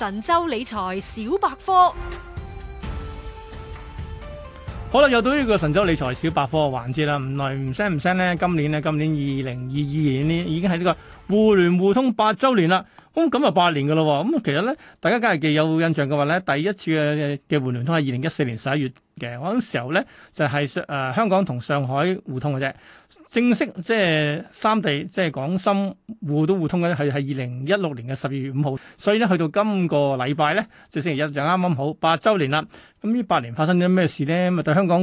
神州理財小百科，好啦又到呢個神州理財小百科嘅環節啦。唔耐，唔聲唔聲咧，今年咧，今年二零二二年呢，已經係呢個互聯互通八周年啦。咁咁啊八年噶咯喎，咁、嗯、其實咧，大家梗係有印象嘅話咧，第一次嘅嘅互聯通係二零一四年十一月嘅，嗰陣時候咧就係、是、誒、呃、香港同上海互通嘅啫，正式即係三地即係港深互都互，互，互通嘅咧，係係二零一六年嘅十二月五號，所以咧去到今個禮拜咧，就星期日就啱啱好八週年啦。咁呢八年發生咗咩事咧？咪對香港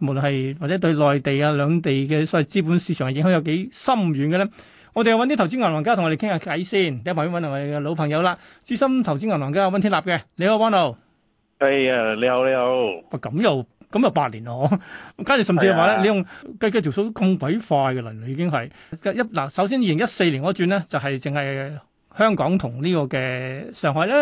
無論係或者對內地啊兩地嘅所謂資本市場影響有幾深遠嘅咧？我哋又揾啲投資銀行家同我哋傾下偈先，第一位要揾我哋嘅老朋友啦，資深投資銀行家溫天納嘅，你好，温老。哎呀，你好，你好。哇，咁又咁又八年咯嗬，跟住甚至係話咧，你用計計條數都咁鬼快嘅能力已經係一嗱，首先二零一四年嗰轉咧就係淨係。香港同呢個嘅上海咧，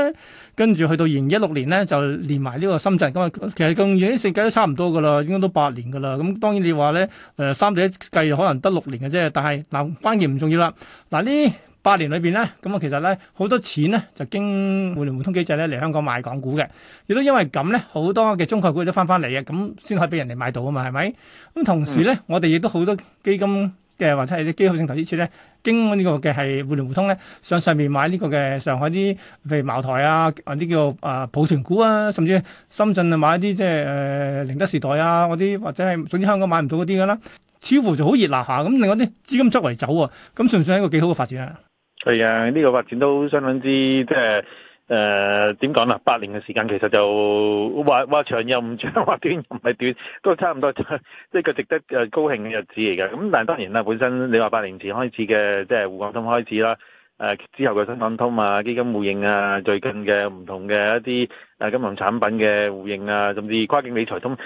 跟住去到二零一六年咧，就連埋呢個深圳咁啊，其實咁遠啲世界都差唔多噶啦，應該都八年噶啦。咁當然你話咧，誒、呃、三者計可能得六年嘅啫。但係嗱、呃，關鍵唔重要啦。嗱、呃、呢八年裏邊咧，咁、呃、啊其實咧好多錢咧就經互聯互通機制咧嚟香港買港股嘅，亦都因為咁咧好多嘅中概股都翻翻嚟嘅，咁先可以俾人哋買到啊嘛，係咪？咁同時咧，嗯、我哋亦都好多基金。即或者係啲機構性投資設咧，經個呢個嘅係互聯互通咧，上上面買呢個嘅上海啲譬如茅台啊，或者叫啊普權股啊，甚至深圳啊一啲即係誒寧德時代啊嗰啲，或者係總之香港買唔到嗰啲噶啦，似乎就好熱鬧下咁，另外啲資金周圍走啊，咁算唔算係一個幾好嘅發展啊？係啊，呢、這個發展都相當之即係。就是誒，點講啦？八年嘅時間其實就話話長又唔長，話短又唔係短，都差唔多， 即係一個值得誒高興嘅日子嚟嘅。咁但係當然啦，本身你話八年前開始嘅，即係滬港通開始啦，誒、呃、之後嘅深港通啊、基金互認啊、最近嘅唔同嘅一啲誒金融產品嘅互認啊，甚至跨境理財通。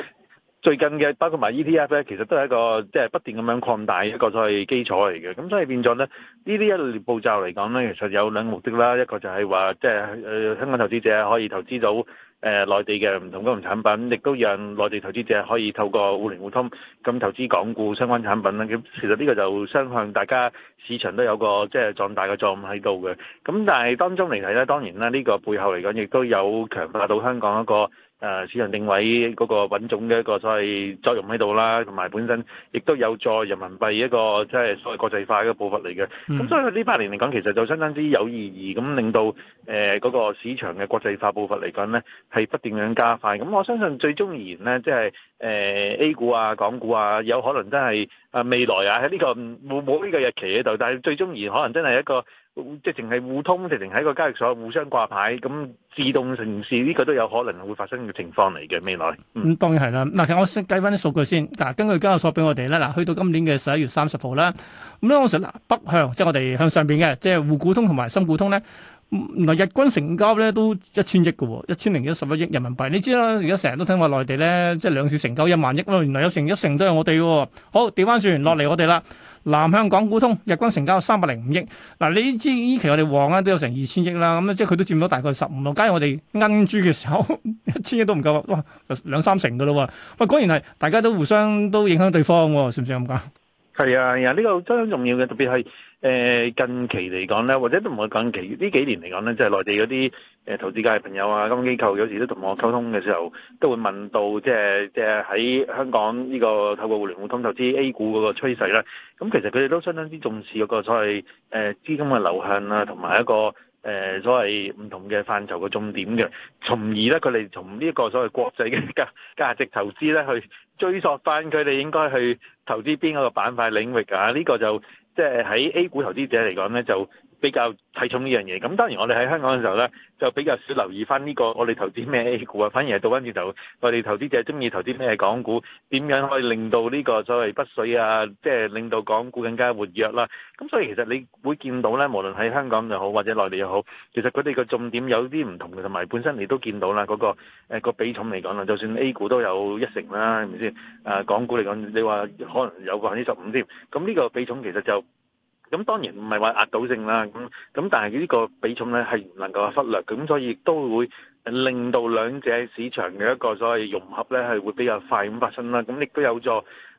最近嘅包括埋 ETF 咧，其實都係一個即係、就是、不斷咁樣擴大一個所謂嘅基礎嚟嘅。咁所以變咗咧，呢啲一系列步驟嚟講咧，其實有兩個目的啦。一個就係話，即、就、係、是、香港投資者可以投資到誒、呃、內地嘅唔同金融產品，亦都讓內地投資者可以透過互聯互通咁投資港股相關產品啦。咁其實呢個就相向大家市場都有個即係、就是、壯大嘅作用喺度嘅。咁但係當中嚟睇咧，當然啦，呢、這個背後嚟講，亦都有強化到香港一個。誒市場定位嗰個品種嘅一個所謂作用喺度啦，同埋本身亦都有助人民幣一個即係所謂國際化嘅步伐嚟嘅。咁、嗯、所以呢八年嚟講，其實就相當之有意義，咁令到誒嗰、呃那個市場嘅國際化步伐嚟講咧，係不斷咁加快。咁我相信最終而言咧，即係誒 A 股啊、港股啊，有可能真係啊未來啊喺呢、這個冇冇呢個日期喺度，但係最終而言可能真係一個。即係淨係互通，直情喺個交易所互相掛牌，咁自動城市呢、這個都有可能會發生嘅情況嚟嘅未來。嗯，嗯當然係啦。嗱，其實我先計翻啲數據先。嗱，根據交易所俾我哋咧，嗱，去到今年嘅十一月三十號啦。咁咧，我成啦北向，即係我哋向上邊嘅，即係滬股通同埋深股通咧。嗱，日均成交咧都一千億嘅，一千零一十一億人民幣。你知啦，而家成日都聽話內地咧，即係兩市成交一萬億咯。原來有成一成都係我哋。好，調翻轉落嚟我哋啦。南向港股通日均成交三百零五億。嗱，你知依期我哋旺咧、啊、都有成二千億啦。咁咧即係佢都佔咗大概十五六。假如我哋銀豬嘅時候，一千億都唔夠，哇，就兩三成噶啦。喂，果然係大家都互相都影響對方，算唔算咁講？係啊，係啊，呢個真係重要嘅，特別係。誒近期嚟講咧，或者都唔係近期，呢幾年嚟講咧，即係內地嗰啲誒投資界朋友啊、金融機構，有時都同我溝通嘅時候，都會問到即係即係喺香港呢個透過互聯互通投資 A 股嗰個趨勢咧。咁其實佢哋都相當之重視嗰個所謂誒資金嘅流向啊，同埋一個誒、呃、所謂唔同嘅範疇嘅重點嘅，從而咧佢哋從呢一個所謂國際嘅價價值投資咧，去追溯翻佢哋應該去投資邊一個板塊領域啊，呢個就。即係喺 A 股投資者嚟講咧，就比較睇重呢樣嘢。咁當然我哋喺香港嘅時候咧，就比較少留意翻呢個我哋投資咩 A 股啊，反而係倒翻轉頭，我哋投資者中意投資咩港股，點樣可以令到呢個所謂北水啊，即係令到港股更加活躍啦、啊。咁所以其實你會見到咧，無論喺香港又好，或者內地又好，其實佢哋嘅重點有啲唔同嘅，同埋本身你都見到啦，嗰、個誒、個比重嚟講啦，就算 A 股都有一成啦，係咪先？誒港股嚟講，你話可能有百分之十五添，咁呢個比重其實就。咁當然唔係話壓倒性啦，咁咁但係呢個比重咧係唔能夠忽略。咁所以亦都會令到兩者市場嘅一個所謂融合咧係會比較快咁發生啦，咁亦都有助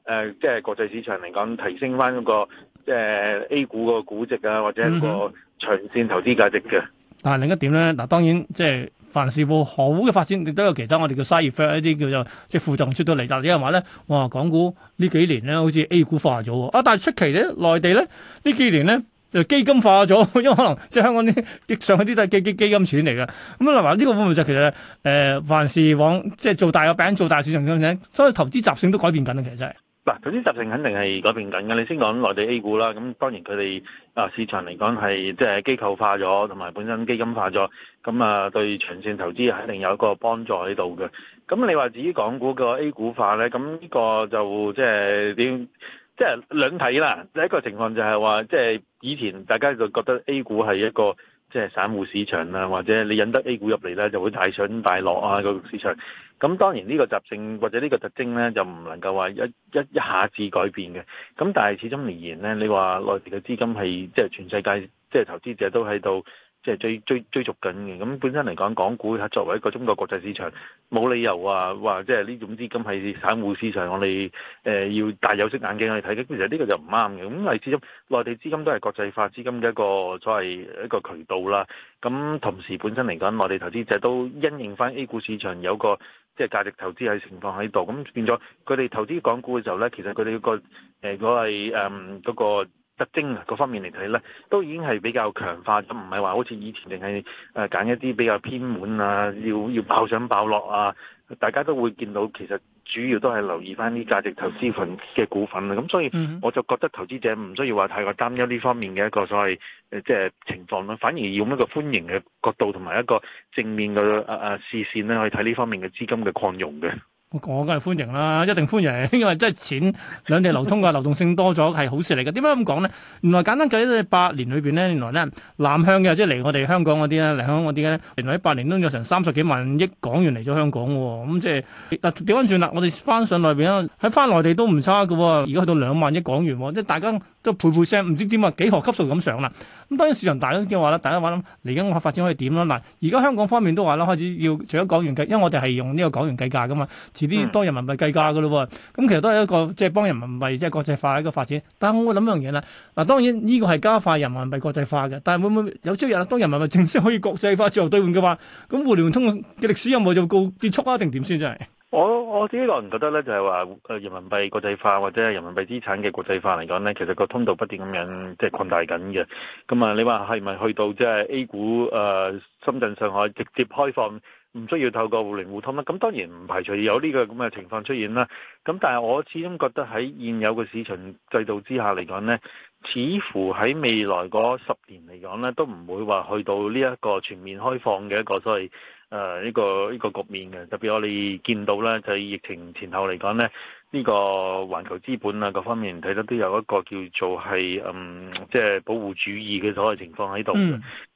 誒即係國際市場嚟講提升翻、那、嗰個誒、呃、A 股個估值啊，或者一個長線投資價值嘅。嗯、哼但係另一點咧，嗱當然即係。凡事好嘅發展，亦都有其他我哋叫做 side effect 一啲叫做即係附重出到嚟。但係有人話咧，哇，港股呢幾年咧好似 A 股化咗喎。啊，但係出奇咧，內地咧呢幾年咧就基金化咗，因為可能即係香港啲上嗰啲都係基基基金錢嚟嘅。咁啊，嗱、這、呢個方面就其實誒，凡事往即係做大個餅、做大市場咁樣，所以投資習性都改變緊啊，其實真係。嗱，嗰啲習性肯定係改變緊嘅。你先講內地 A 股啦，咁當然佢哋啊市場嚟講係即係機構化咗，同埋本身基金化咗，咁啊對長線投資係一定有一個幫助喺度嘅。咁你話至於港股個 A 股化咧，咁呢個就即係點？即係兩睇啦。第一個情況就係話，即係以前大家就覺得 A 股係一個。即係散戶市場啦，或者你引得 A 股入嚟咧，就會大上大落啊、個市場。咁當然呢個習性或者呢個特徵咧，就唔能夠話一一一下子改變嘅。咁但係始終而言咧，你話內地嘅資金係即係全世界即係投資者都喺度。即係追追追逐緊嘅。咁本身嚟講，港股係作為一個中國國際市場，冇理由話、啊、話即係呢種資金係散戶市場，我哋誒、呃、要戴有色眼鏡去睇嘅。其實呢個就唔啱嘅。咁係始終內地資金都係國際化資金嘅一個所謂一個渠道啦。咁同時本身嚟講，內地投資者都因應翻 A 股市場有個即係價值投資嘅情況喺度，咁變咗佢哋投資港股嘅時候咧，其實佢哋個誒嗰個。呃特徵嗰方面嚟睇咧，都已經係比較強化，咁唔係話好似以前淨係誒揀一啲比較偏門啊，要要爆上爆落啊，大家都會見到其實主要都係留意翻啲價值投資份嘅股份啊，咁所以我就覺得投資者唔需要話太過擔憂呢方面嘅一個所謂誒、呃、即係情況咯，反而要一個歡迎嘅角度同埋一個正面嘅啊啊視線咧去以睇呢方面嘅資金嘅擴容嘅。我梗係歡迎啦，一定歡迎，因為即係錢兩地流通嘅 流動性多咗係好事嚟嘅。點解咁講咧？原來簡單計咧，八年裏邊咧，原來咧南向嘅即係嚟我哋香港嗰啲咧，嚟香港嗰啲咧，原來喺八年都有成三十幾萬億港元嚟咗香港喎。咁、嗯、即係嗱調翻轉啦，我哋翻上內邊啦，喺翻內地都唔差嘅。而家去到兩萬億港元，即係大家，都倍倍聲，唔知點啊，幾何級數咁上啦。咁當然市場大，大家嘅係話啦，大家話諗嚟緊個發展可以點啦。嗱，而家香港方面都話啦，開始要除咗港元計，因為我哋係用呢個港元計價噶嘛，遲啲當人民幣計價噶咯。咁、嗯、其實都係一個即係、就是、幫人民幣即係、就是、國際化一個發展。但係我會諗一樣嘢啦，嗱，當然呢個係加快人民幣國際化嘅，但係會唔會有朝一日啦？當人民幣正式可以國際化自由兌換嘅話，咁互聯通嘅歷史任務就告結束啊？定點算真係？我我自己個人覺得咧，就係話誒，人民幣國際化或者係人民幣資產嘅國際化嚟講咧，其實個通道不斷咁樣即係擴大緊嘅。咁啊，你話係咪去到即係 A 股誒、呃，深圳、上海直接開放，唔需要透過互聯互通咧？咁當然唔排除有呢個咁嘅情況出現啦。咁但係我始終覺得喺現有嘅市場制度之下嚟講咧，似乎喺未來嗰十年嚟講咧，都唔會話去到呢一個全面開放嘅一個所謂。誒，呢個呢個局面嘅，特別我哋見到咧，就係疫情前後嚟講咧。呢個環球資本啊，各方面睇得都有一個叫做係嗯，即係保護主義嘅所謂情況喺度。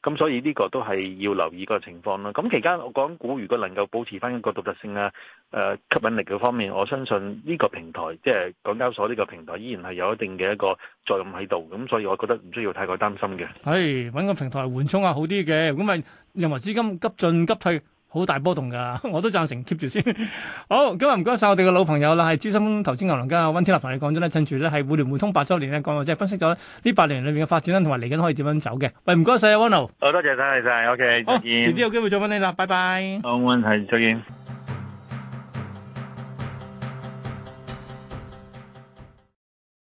咁所以呢個都係要留意個情況啦。咁期間，我講股如果能夠保持返一個獨特性啊，誒、呃、吸引力嘅方面，我相信呢個平台，即係港交所呢個平台，依然係有一定嘅一個作用喺度。咁所以，我覺得唔需要太過擔心嘅。係揾、哎、個平台緩衝啊，好啲嘅。咁咪任何資金急進急退。好大波動噶，我都贊成 keep 住先。好，今日唔該晒我哋嘅老朋友啦，係資深投資銀行家啊，温天納，同你講咗咧，趁住咧係互聯互通八周年咧講，即係分析咗呢八年裏面嘅發展啦，同埋嚟緊可以點樣走嘅。喂，唔該曬啊，温生。誒，多謝曬，多謝，OK，好，遲啲有機會再揾你啦，拜拜。冇問題，再見。